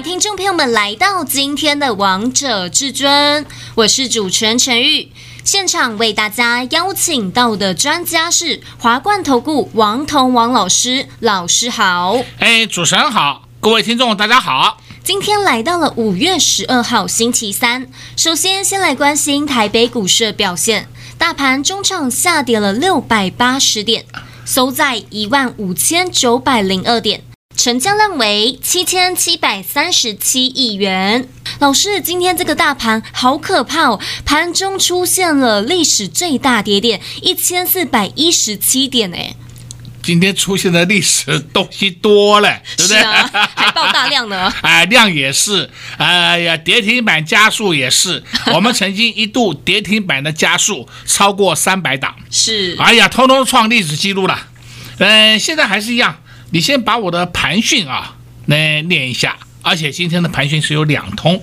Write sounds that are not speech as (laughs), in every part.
聽眾朋友們，來到今天的《王者至尊》，我是主持人陳玉。現場為大家邀請到的專家是華冠投顧王彤王老師，老師好！哎，主持人好，各位聽眾大家好。今天來到了五月十二號星期三，首先先來關心台北股市表現，大盤中場下跌了六百八十點，收在一萬五千九百零二點。成交量為七千七百三十七億元。老師，今天這個大盤好可怕哦！盤中出現了歷史最大跌點，一千四百一十七點呢。今天出現的歷史東西多了，對不對？啊、還爆大量呢。哎，量也是。哎呀，跌停板家數也是。我們曾經一度跌停板的家數超過三百檔。是。哎呀，通通創歷史記錄了。嗯、哎，現在還是一樣。你先把我的盤訊啊來念一下，而且今天的盤訊是有兩通。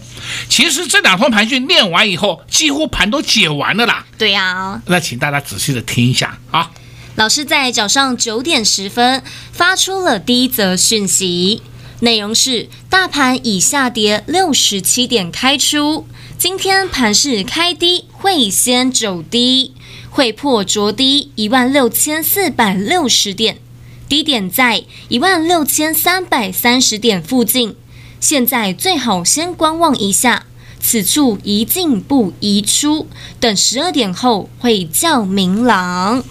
其實這兩通盤訊念完以後，幾乎盤都解完了啦。對呀、啊，那請大家仔細的聽一下啊。老師在早上九點十分發出了第一則訊息，內容是：大盤已下跌六十七點，開出。今天盤勢開低，會先走低，會破昨低一萬六千四百六十點。低點在一萬六千三百三十點附近，現在最好先觀望一下，此處宜進不宜出，等十二點後會較明朗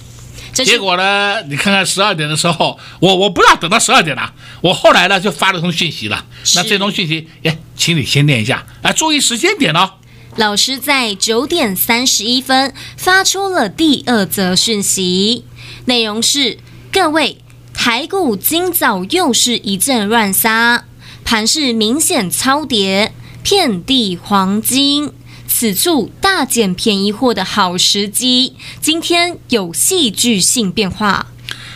這。結果呢？你看看十二點的時候，我我不要等到十二點了，啊，我後來呢就發了通訊息了。那這通訊息，請你先念一下，啊，注意時間點哦。老師在九點三十一分發出了第二則訊息，內容是各位。台股今早又是一陣亂殺，盤勢明顯超跌，遍地黃金，此處大撿便宜貨的好時機。今天有戲劇性變化。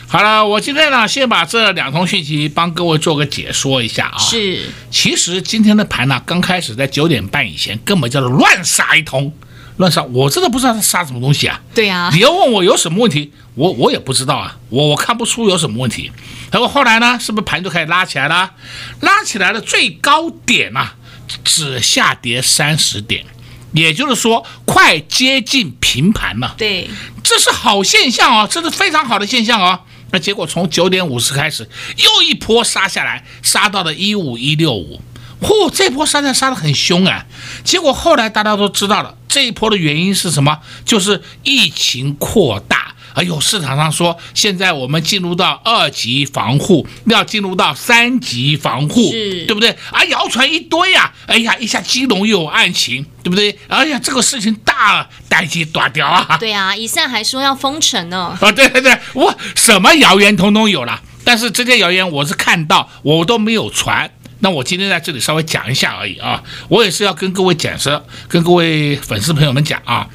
好了，我今天呢，先把這兩通訊息幫各位做個解說一下啊。是，其實今天的盤呢、啊，剛開始在九點半以前，根本就是亂殺一通。亂殺！我真的不知道他殺什麼東西啊。對呀，你要問我有什麼問題，我我也不知道啊。我我看不出有什麼問題。然後後來呢，是不是盤就開始拉起來了？拉起來的最高點啊，只下跌三十點，也就是說快接近平盤了。對，這是好現象哦，這是非常好的現象哦。那結果從九點五十開始又一波殺下來，殺到了一五一六五。嚯、哦，這波殺價，殺得很凶啊！結果後來大家都知道了，這一波的原因是什麼？就是疫情擴大。哎呦，市場上說現在我們進入到二級防護，要進入到三級防護，對不對？啊，謠傳一堆呀、啊！哎呀，一下金融又有案情，對不對？哎呀，這個事情大了，膽機斷掉啊！對啊，以前還說要封城呢。啊，對對對，我什麼謠言通通有了。但是這些謠言我是看到，我都沒有傳。那我今天在這裡稍微講一下而已啊，我也是要跟各位講聲，跟各位粉絲朋友們講啊。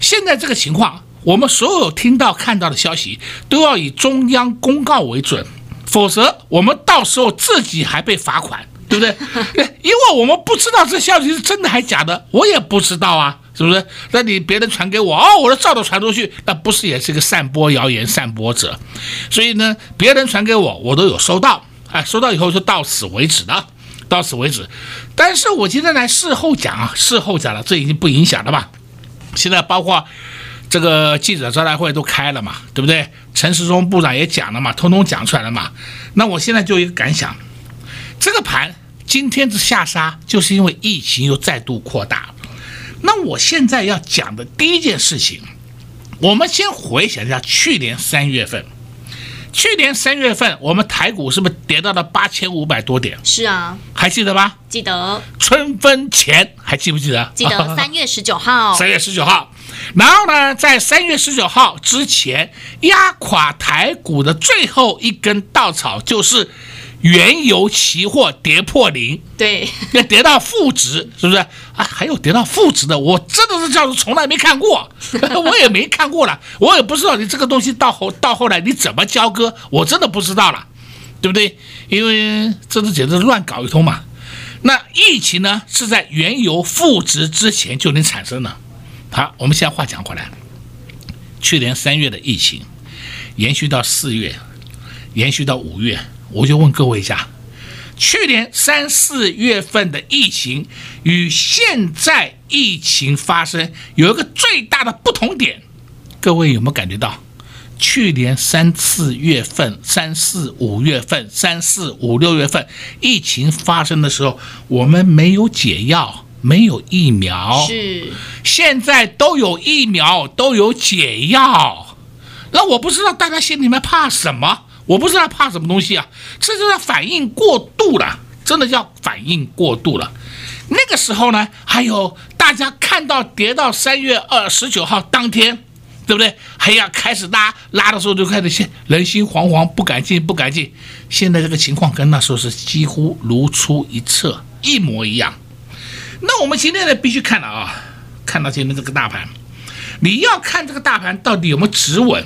現在這個情況，我們所有聽到看到的消息都要以中央公告為準，否則我們到時候自己還被罰款，對不對？因為我們不知道這消息是真的還是假的，我也不知道啊，是不是？那你別人傳給我，哦，我的照都傳出去，那不是也是一個散播謠言、散播者？所以呢，別人傳給我，我都有收到。說到以後就到此為止了，到此為止。但是我今天來事後講啊，事後講了，這已經不影響了吧？現在包括這個記者招待會都開了嘛，對不對？陳時中部長也講了嘛，通通講出來了嘛。那我現在就有一個感想，這個盤今天是下殺，就是因為疫情又再度擴大。那我現在要講的第一件事情，我們先回想一下去年三月份。去年三月份，我們台股是不是跌到了八千五百多點？是啊，還記得嗎？記得，春分前還記不記得？記得，三月十九號。三 (laughs) 月十九號，然後呢？在三月十九號之前，壓垮台股的最後一根稻草就是。原油期貨跌破零，對，要跌到負值，是不是啊？還有跌到負值的，我真的是叫做從來沒看過， (laughs) 我也沒看過了，我也不知道你這個東西到後到後來你怎麼交割，我真的不知道了，對不對？因為這是簡直是亂搞一通嘛。那疫情呢是在原油負值之前就能產生的。好、啊，我們現在話講回來，去年三月的疫情延續到四月，延續到五月。我就問各位一下，去年三四月份的疫情與現在疫情發生有一個最大的不同點，各位有沒有感覺到？去年三四月份、三四五月份、三四五六月份疫情發生的時候，我們沒有解藥，沒有疫苗。是，現在都有疫苗，都有解藥。那我不知道大家心裡面怕什麼？我不知道怕什麼東西啊，這就是反應過度了，真的叫反應過度了。那個時候呢，還有大家看到跌到三月二十九號當天，對不對？還要開始拉，拉的時候就開始心人心惶惶，不敢進，不敢進。現在這個情況跟那時候是幾乎如出一轍，一模一樣。那我們今天呢，必須看了啊，看到今天這個大盤，你要看這個大盤到底有沒有止穩，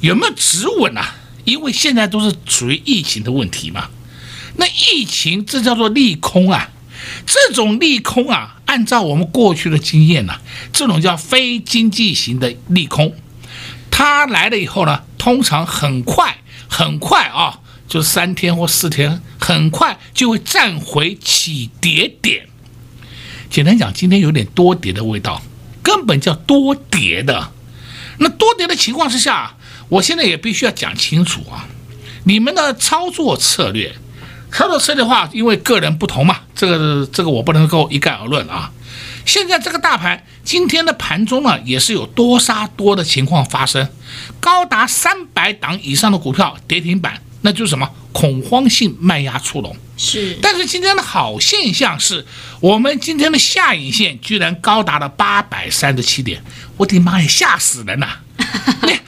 有沒有止穩啊？因為現在都是屬於疫情的問題嘛，那疫情這叫做利空啊，這種利空啊，按照我們過去的經驗呢、啊，這種叫非經濟型的利空，它來了以後呢，通常很快很快啊，就三天或四天，很快就會站回起跌點。簡單講，今天有點多跌的味道，根本叫多跌的。那多跌的情況之下。我現在也必須要講清楚啊！你們的操作策略，操作策略的話，因為個人不同嘛，這個這個我不能夠一概而論啊。現在這個大盤今天的盤中呢、啊，也是有多殺多的情況發生，高達三百檔以上的股票跌停板，那就是什麼恐慌性賣壓出籠。是，但是今天的好現象是我們今天的下影線居然高達了八百三十七點，我的媽呀，嚇死人了、啊！你。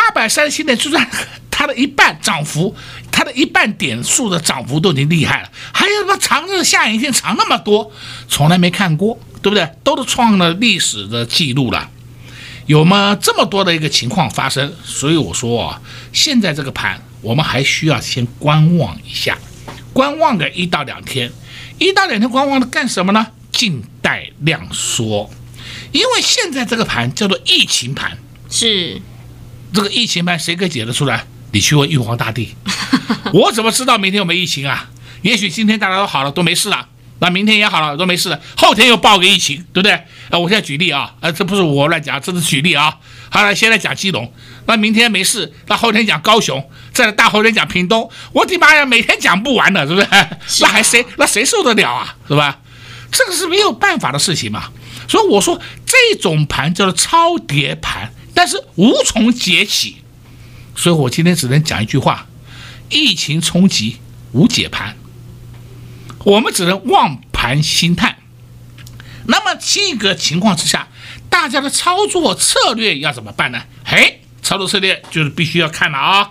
八百三十七點就算它的一半漲幅，它的一半點數的漲幅都已經厲害了。還有什麼長的下影線長那麼多，從來沒看過，對不對？都是創了歷史的記錄了。有嗎？這麼多的一個情況發生，所以我說啊、哦，現在這個盤我們還需要先觀望一下，觀望個一到兩天，一到兩天觀望的幹什麼呢？靜待量縮，因為現在這個盤叫做疫情盤，是。這個疫情盤誰給解得出來？你去問玉皇大帝，我怎麼知道明天有沒疫情啊？也許今天大家都好了，都沒事了，那明天也好了，都沒事了，後天又爆個疫情，對不對？啊，我現在舉例啊，啊，這不是我亂講，這是舉例啊。好了，現在講基隆，那明天沒事，那後天講高雄，再大後天講屏東，我的媽呀，每天講不完的，是不是？那還誰，那誰受得了啊，是吧？這個是沒有辦法的事情嘛。所以我說這種盤叫做超跌盤。但是無從解起，所以我今天只能講一句話：疫情衝擊無解盤，我們只能望盤興嘆。那麼這個情況之下，大家的操作策略要怎麼辦呢？哎，操作策略就是必須要看了啊、哦！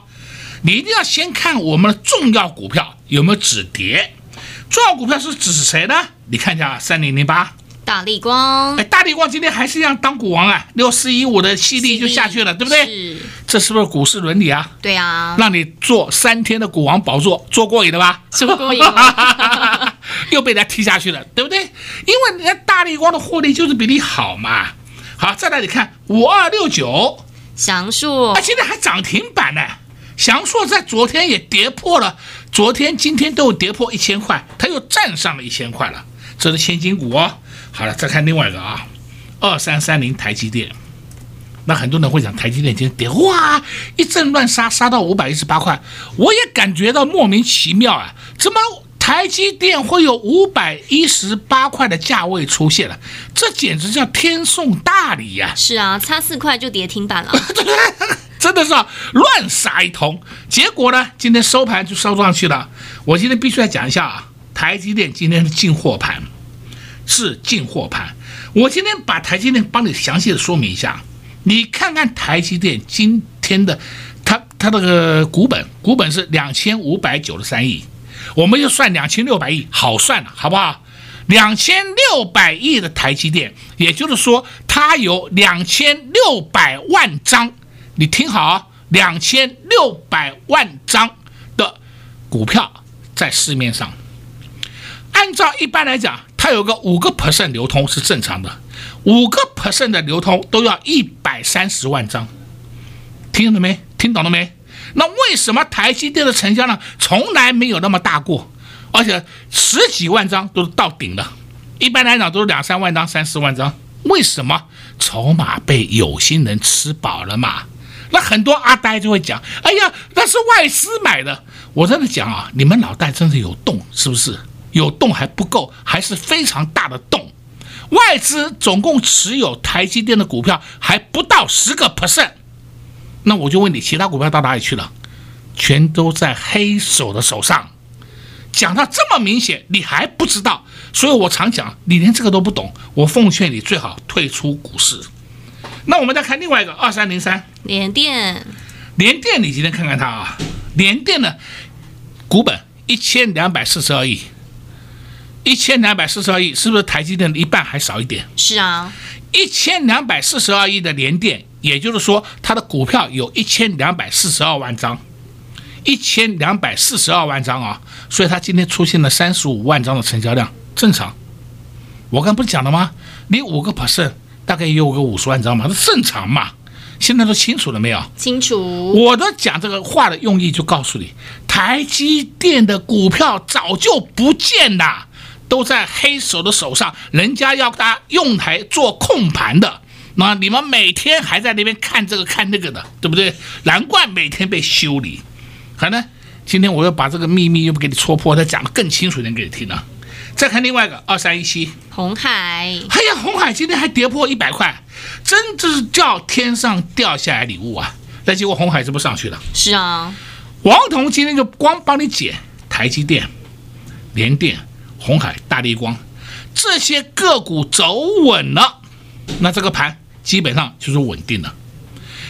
你一定要先看我們的重要股票有沒有止跌。重要股票是指誰呢？你看一下三零零八。大立光，哎，大立光今天還是一樣當股王啊，六四一五的矽力就下去了，對不對？這是不是股市倫理啊？對啊，讓你坐三天的股王寶座，坐過癮了吧？是不過癮了， (laughs) (laughs) 又被人家踢下去了，對不對？因為人家大立光的獲利就是比你好嘛。好，再來你看五二六九祥碩，它、啊、今天還漲停板呢。祥碩在昨天也跌破了，昨天、今天都有跌破一千塊，它又站上了一千塊了，這是千金股哦。好了，再看另外一個啊，二三三零台積電，那很多人會講台積電今天跌哇一陣亂殺，殺到五百一十八塊，我也感覺到莫名其妙啊，怎麼台積電會有五百一十八塊的價位出現了、啊？這簡直叫天送大禮呀、啊！是啊，差四塊就跌停板了， (laughs) 真的是啊，亂殺一通，結果呢，今天收盤就收上去了。我今天必須要講一下啊，台積電今天的進貨盤。是進貨盤。我今天把台積電幫你詳細的說明一下，你看看台積電今天的，它它那個股本，股本是兩千五百九十三億，我們就算兩千六百億，好算了，好不好？兩千六百億的台積電，也就是說它有兩千六百萬張，你聽好，兩千六百萬張的股票在市面上，按照一般來講。它有個五個 percent 流通是正常的，五個 percent 的流通都要一百三十萬張，聽懂了沒？聽懂了沒？那為什麼台積電的成交量從來沒有那麼大過？而且十幾萬張都到頂了，一般來講都是兩三萬張、三四萬張，為什麼？籌碼被有心人吃飽了嘛？那很多阿呆就會講：“哎呀，那是外資買的。”我真的講啊，你們腦袋真的有洞是不是？有洞還不夠，還是非常大的洞。外資總共持有台積電的股票還不到十個 percent，那我就問你，其他股票到哪裡去了？全都在黑手的手上。講到這麼明顯，你還不知道？所以我常講，你連這個都不懂，我奉勸你最好退出股市。那我們再看另外一個二三零三聯電，聯電，你今天看看它啊，聯電的股本一千兩百四十二億。一千兩百四十二億是不是台積電的一半還少一點？是啊，一千兩百四十二億的聯電，也就是說它的股票有一千兩百四十二萬張，一千兩百四十二萬張啊！所以它今天出現了三十五萬張的成交量，正常。我剛不是講了嗎？你五個 percent 大概也有個五十萬張嘛，那正常嘛？現在都清楚了沒有？清楚。我都講這個話的用意就告訴你，台積電的股票早就不見了。都在黑手的手上，人家要他用台做控盤的，那你們每天還在那邊看這個看那個的，對不對？難怪每天被修理。好呢，今天我要把這個秘密又不給你戳破，再講得更清楚一點給你聽啊。再看另外一個二三一七鴻海，哎呀，鴻海今天還跌破一百塊，真就是叫天上掉下來禮物啊！那結果鴻海是不上去了？是啊，王彤今天就光幫你撿台積電、聯電。鴻海、大立光這些個股走穩了，那這個盤基本上就是穩定的。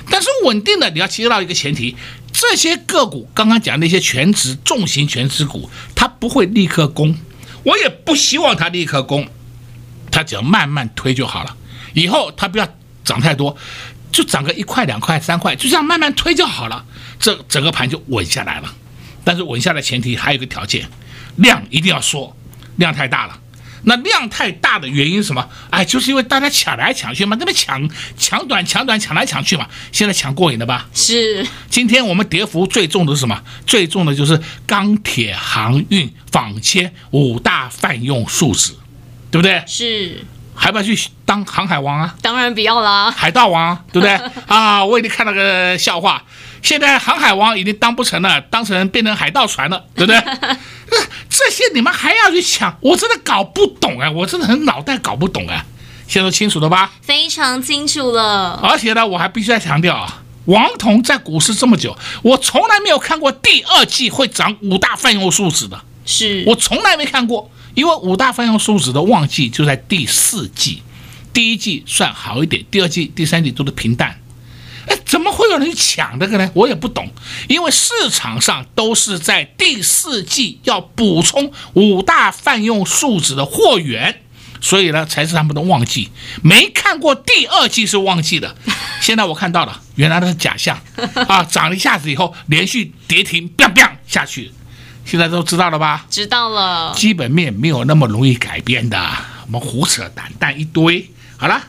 但是穩定的你要切到一個前提，這些個股剛剛講那些權值重型權值股，它不會立刻攻，我也不希望它立刻攻，它只要慢慢推就好了。以後它不要漲太多，就漲個一塊、兩塊、三塊，就這樣慢慢推就好了，這整個盤就穩下來了。但是穩下來前提還有一個條件，量一定要縮。量太大了，那量太大的原因是什麼？哎，就是因為大家搶來搶去嘛，這邊搶搶短搶短，搶,短搶來搶去嘛，現在搶過癮了吧？是。今天我們跌幅最重的是什麼？最重的就是鋼鐵、航運、紡纖五大泛用樹脂，對不對？是。還不要去當航海王啊？當然不要啦。海盜王啊，對不對？ (laughs) 啊，我已經看了個笑話，現在航海王已經當不成了，當成變成海盜船了，對不對？ (laughs) 這些你們還要去搶？我真的搞不懂啊、哎。我真的很腦袋搞不懂啊、哎，現在都清楚了吧？非常清楚了。而且呢，我還必須要強調啊，王彤在股市這麼久，我從來沒有看過第二季會漲五大泛用數值的，是我從來沒看過，因為五大泛用數值的旺季就在第四季，第一季算好一點，第二季、第三季都是平淡。哎，怎麼會有人去搶這個呢？我也不懂，因為市場上都是在第四季要補充五大泛用樹脂的貨源，所以呢才是他們的旺季。沒看過第二季是旺季的，現在我看到了，原來都是假象啊！漲一下子以後，連續跌停，biang biang 下去，現在都知道了吧？知道了，基本面沒有那麼容易改變的，我們胡扯淡淡一堆，好了。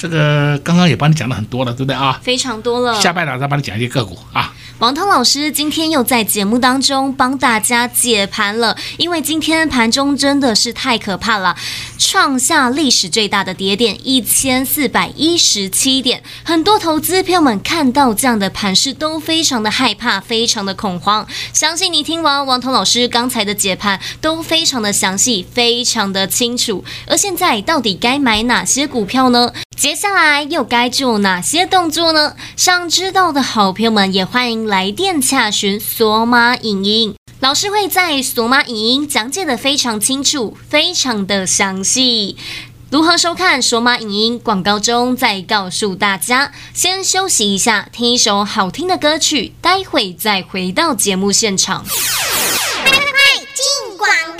這個剛剛也幫你講了很多了，對不對啊？非常多了。下半場再幫你講一些個股啊。王濤老師今天又在節目當中幫大家解盤了，因為今天盤中真的是太可怕了，創下歷史最大的跌點一千四百一十七點，很多投資朋友們看到這樣的盤勢都非常的害怕，非常的恐慌。相信你聽完王濤老師剛才的解盤都非常的詳細，非常的清楚。而現在到底該買哪些股票呢？接下來又該做哪些動作呢？想知道的好朋友們也歡迎來電洽詢索馬影音，老師會在索馬影音講解的非常清楚，非常的詳細。如何收看索馬影音，廣告中再告訴大家。先休息一下，聽一首好聽的歌曲，待會再回到節目現場。快快快，進廣。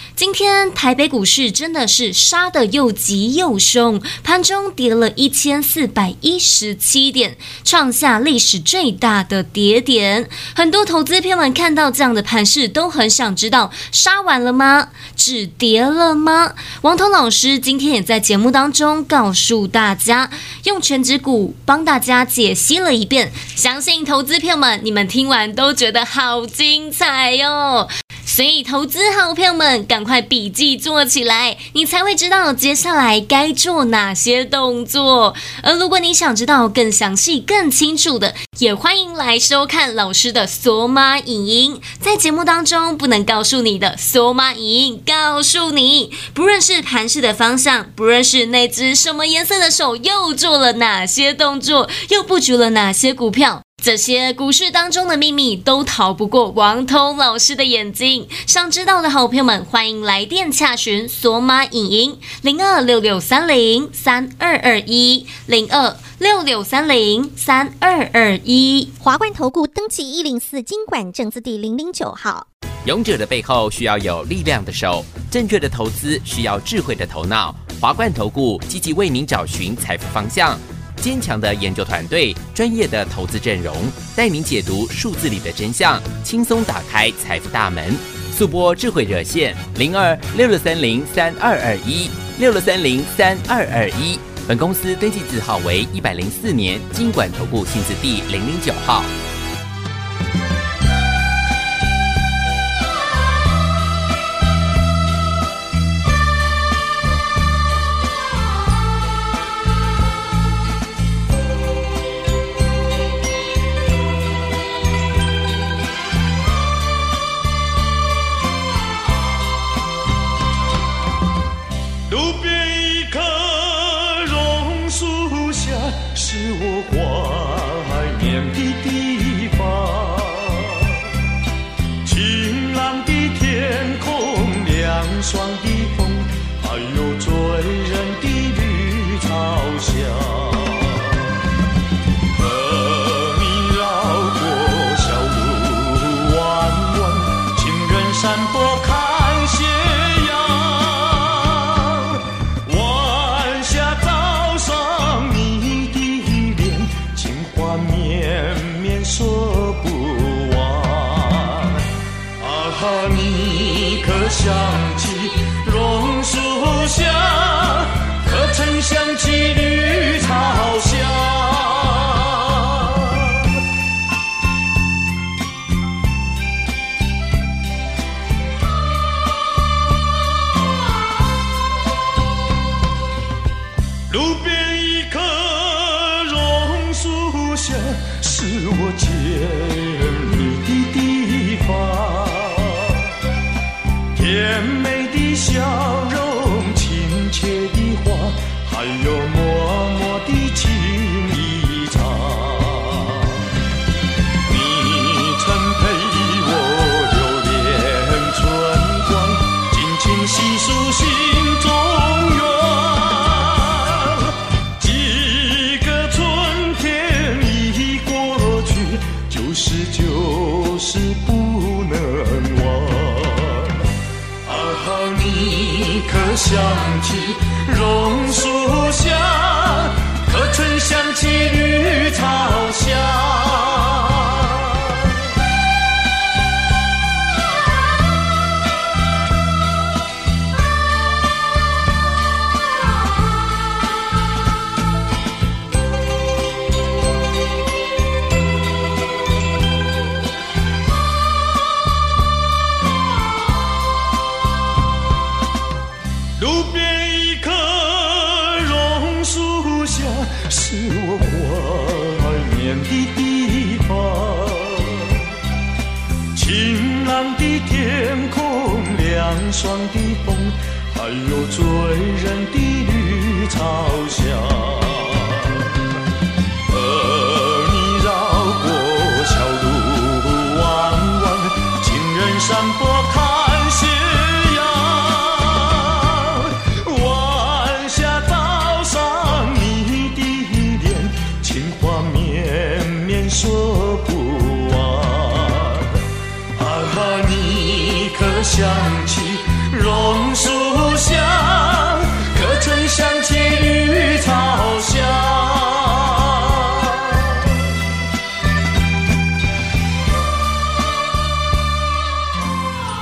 今天台北股市真的是殺得又急又凶，盤中跌了一千四百一十七點，創下歷史最大的跌點。很多投資朋友們看到這樣的盤勢，都很想知道殺完了嗎？止跌了嗎？王彤老師今天也在節目當中告訴大家，用權值股幫大家解析了一遍，相信投資朋友們你們聽完都覺得好精彩喲、哦。所以，投資好朋友們，趕快筆記做起來，你才會知道接下來該做哪些動作。而如果你想知道更詳細、更清楚的，也歡迎來收看老師的索馬影音。在節目當中，不能告訴你的索馬影音告訴你，不論是盤勢的方向，不論是那隻什麼顏色的手又做了哪些動作，又布局了哪些股票。這些股市當中的秘密，都逃不過王通老師的眼睛。想知道的好朋友們，歡迎來電洽詢索馬影音。零二六六三零三二二一零二六六三零三二二一。華冠投顧登記一零四經管證字第零零九號。勇者的背後需要有力量的手，正確的投資需要智慧的頭腦。華冠投顧積極為您找尋財富方向。堅強的研究團隊，專業的投資陣容，帶您解讀數字裡的真相，輕鬆打開財富大門。速播智慧熱線零二六六三零三二二一六六三零三二二一。-6630 -3221, 6630 -3221, 本公司登記字號為一百零四年金管投顧新字第零零九號。山坡看斜陽，晚霞照上你的臉，情話綿綿說不完。啊哈，你可想。是我懷念的地方，晴朗的天空，涼爽的風，還有醉人的綠草香。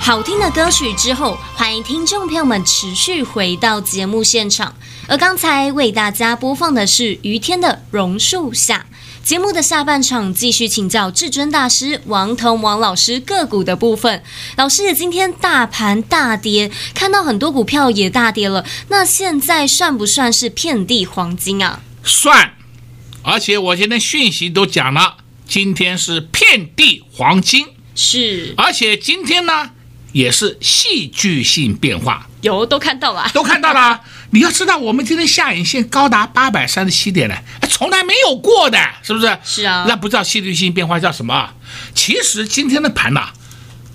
好聽的歌曲之後，歡迎聽眾朋友們持續回到節目現場。而剛才為大家播放的是余天的《榕樹下》。節目的下半場繼續請教至尊大師王騰王老師個股的部分。老師，今天大盤大跌，看到很多股票也大跌了，那現在算不算是遍地黃金啊？算，而且我今天訊息都講了，今天是遍地黃金，是。而且今天呢？也是戲劇性變化，有都看到了，都看到了。 (laughs) 你要知道，我們今天下影線高達八百三十七點呢，從來沒有過的，是不是？是啊。那不叫戲劇性變化，叫什麼？其實今天的盤吶，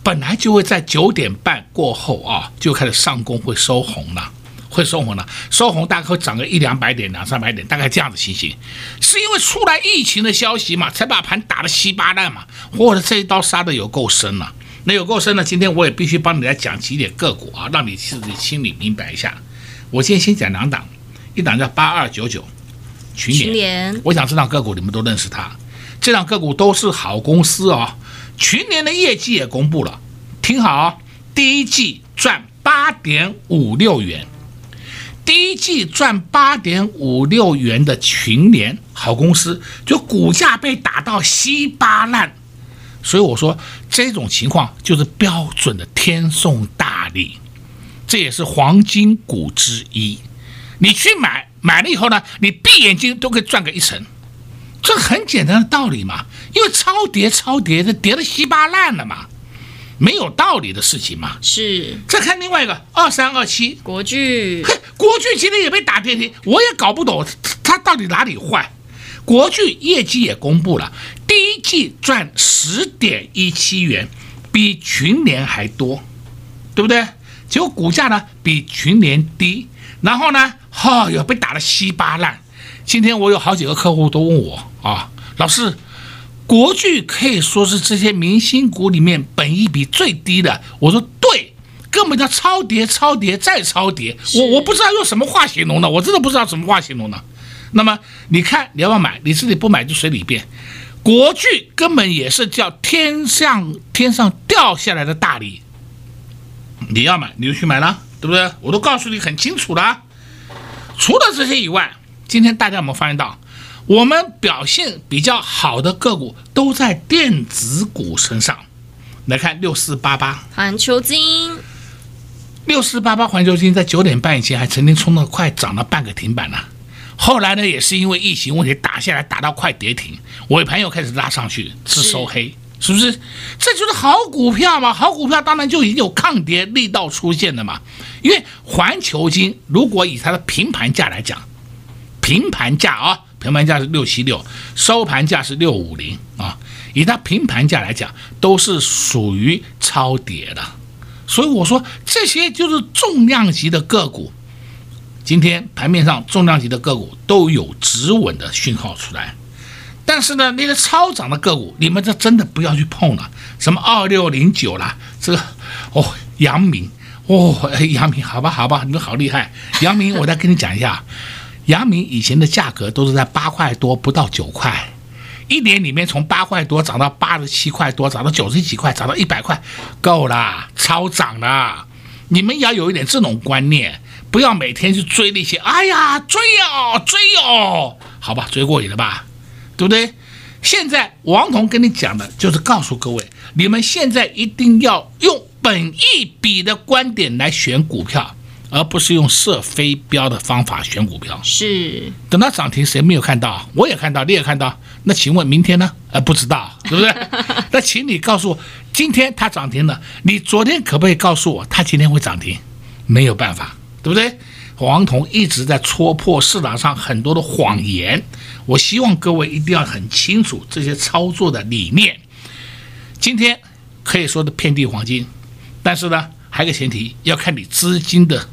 本來就會在九點半過後啊，就開始上攻，會收紅了，會收紅了，收紅大概會漲個一兩百點，兩三百點，大概這樣子情形。是因為出來疫情的消息嘛，才把盤打得稀巴爛嘛。或者這一刀殺得有夠深了。那有夠深的，今天我也必須幫你來講幾點個股啊，讓你自己心裡明白一下。我今天先先講兩檔，一檔叫八二九九，群聯。我想這檔個股你們都認識它，這檔個股都是好公司啊、哦。群聯的業績也公布了，聽好、哦，第一季賺八點五六元，第一季賺八點五六元的群聯，好公司就股價被打到稀巴爛。所以我說，這種情況就是標準的天送大禮，這也是黃金股之一。你去買，買了以後呢，你閉眼睛都可以賺個一成，這很簡單的道理嘛。因為超跌、超跌，它跌得稀巴爛了嘛，沒有道理的事情嘛。是。再看另外一個二三二七國巨，嘿，國巨今天也被打跌停，我也搞不懂它到底哪裡壞。國巨業績也公布了。即賺十點一七元，比去年還多，對不對？結果股價呢，比去年低，然後呢，哈、哦、又被打得稀巴爛。今天我有好幾個客戶都問我啊，老師，國劇可以說是這些明星股裡面本一比最低的。我說對，根本叫超跌、超跌再超跌。我我不知道用什麼話形容的，我真的不知道怎麼話形容的。那麼你看你要不要買？你自己不買就隨你便。國巨根本也是叫天上，天上掉下來的大禮，你要買你就去買了，對不對？我都告訴你很清楚了。除了這些以外，今天大家有沒有發現到，我們表現比較好的個股都在電子股身上？來看六四八八環球晶，六四八八環球晶在九點半以前還曾經衝了快漲了半個停板呢。後來呢，也是因為疫情問題打下來，打到快跌停，尾盤又開始拉上去，是收黑，是不是？這就是好股票嘛。好股票當然就已經有抗跌力道出現的嘛。因為環球金，如果以它的平盤價來講，平盤價啊，平盤價是六七六，收盤價是六五零啊，以它平盤價來講，都是屬於超跌的。所以我說這些就是重量級的個股。今天盤面上重量級的個股都有止穩的訊號出來，但是呢，那些、個、超漲的個股，你們這真的不要去碰了。什麼二六零九啦，這個哦，陽明哦，陽、哎、明，好吧好吧，你們好厲害，陽明，我再跟你講一下，陽 (laughs) 明以前的價格都是在八塊多，不到九塊，一年裡面從八塊多漲到八十七塊多，漲到九十幾塊，漲到一百塊，夠啦，超漲啦，你們也要有一點這種觀念。不要每天去追那些，哎呀，追哦，追喲、哦。好吧，追過癮了吧，對不對？現在王彤跟你講的就是告訴各位，你們現在一定要用本益比的觀點來選股票，而不是用射飛鏢的方法選股票。是，等到漲停，誰沒有看到？我也看到，你也看到。那請問明天呢？呃，不知道，對不對？那請你告訴我，今天它漲停了，你昨天可不可以告訴我它今天會漲停？沒有辦法。對不對？黃銅一直在戳破市場上很多的謊言，我希望各位一定要很清楚這些操作的理念。今天可以說的遍地黃金，但是呢，還有個前提，要看你資金的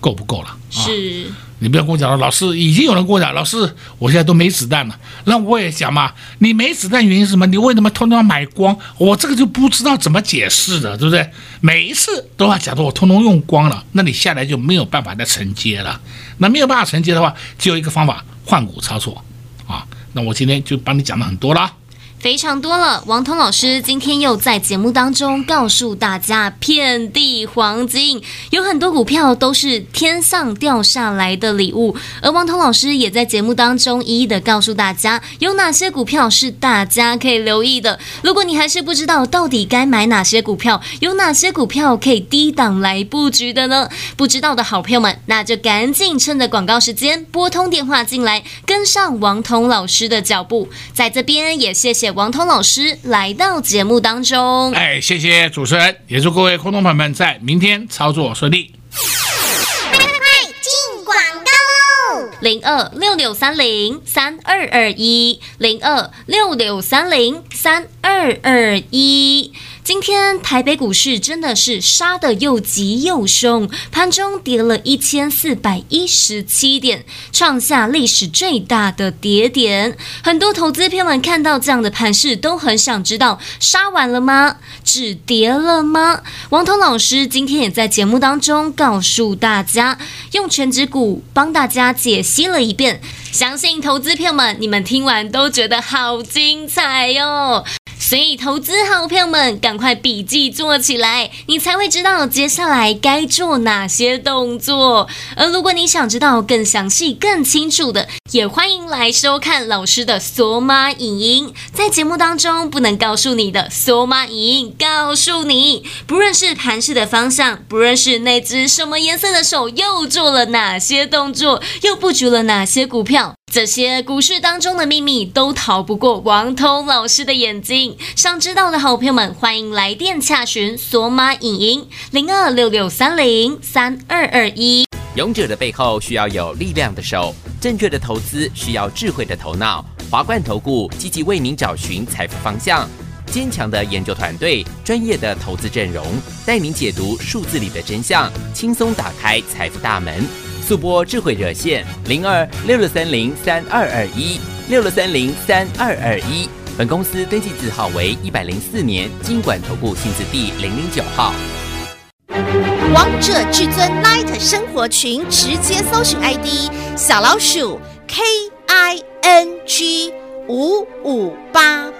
夠不夠了，啊。是。你不要跟我講了，老師，已經有人跟我講，老師我現在都沒子彈了，那我也講嘛。你沒子彈原因是什麼？你為什麼通通要買光？我這個就不知道怎麼解釋的，對不對？每一次都要假如我通通用光了，那你下來就沒有辦法再承接了。那沒有辦法承接的話，只有一個方法換股操作，啊，那我今天就幫你講了很多了。非常多了，王彤老師今天又在節目當中告訴大家，遍地黃金，有很多股票都是天上掉下來的禮物。而王彤老師也在節目當中一一的告訴大家，有哪些股票是大家可以留意的。如果你還是不知道到底該買哪些股票，有哪些股票可以低檔來布局的呢？不知道的好朋友們，那就趕緊趁着廣告時間撥通電話進來，跟上王彤老師的腳步。在這邊也謝謝。王濤老師來到節目當中，哎，謝謝主持人，也祝各位觀眾朋友們在明天操作順利。快快快進廣告嘍，零二六六三零三二二一，零二六六三零三二二一。今天台北股市真的是殺得又急又凶，盤中跌了一千四百一十七點，創下歷史最大的跌點。很多投資朋友們看到這樣的盤勢，都很想知道殺完了嗎？止跌了嗎？王韜老師今天也在節目當中告訴大家，用權值股幫大家解析了一遍，相信投資朋友們你們聽完都覺得好精彩喲、哦。所以，投資好朋友們，趕快筆記做起來，你才會知道接下來該做哪些動作。而如果你想知道更詳細、更清楚的，也歡迎來收看老師的索馬影音，在節目當中，不能告訴你的索馬影音告訴你，不論是盤勢的方向，不論是那只什麼顏色的手又做了哪些動作，又布局了哪些股票。這些股市當中的秘密都逃不過王通老師的眼睛。想知道的好朋友們，歡迎來電洽詢索馬影音。零二六六三零三二二一。勇者的背後需要有力量的手，正確的投資需要智慧的頭腦。華冠投顧積極為您找尋財富方向，堅強的研究團隊，專業的投資陣容，帶您解讀數字裡的真相，輕鬆打開財富大門。速播智慧熱線零二六六三零三二二一六六三零三二二一，本公司登記字號為一百零四年金管投顧新字第零零九號。王者至尊 Light 生活群，直接搜尋 ID 小老鼠 K I N G 五五八八。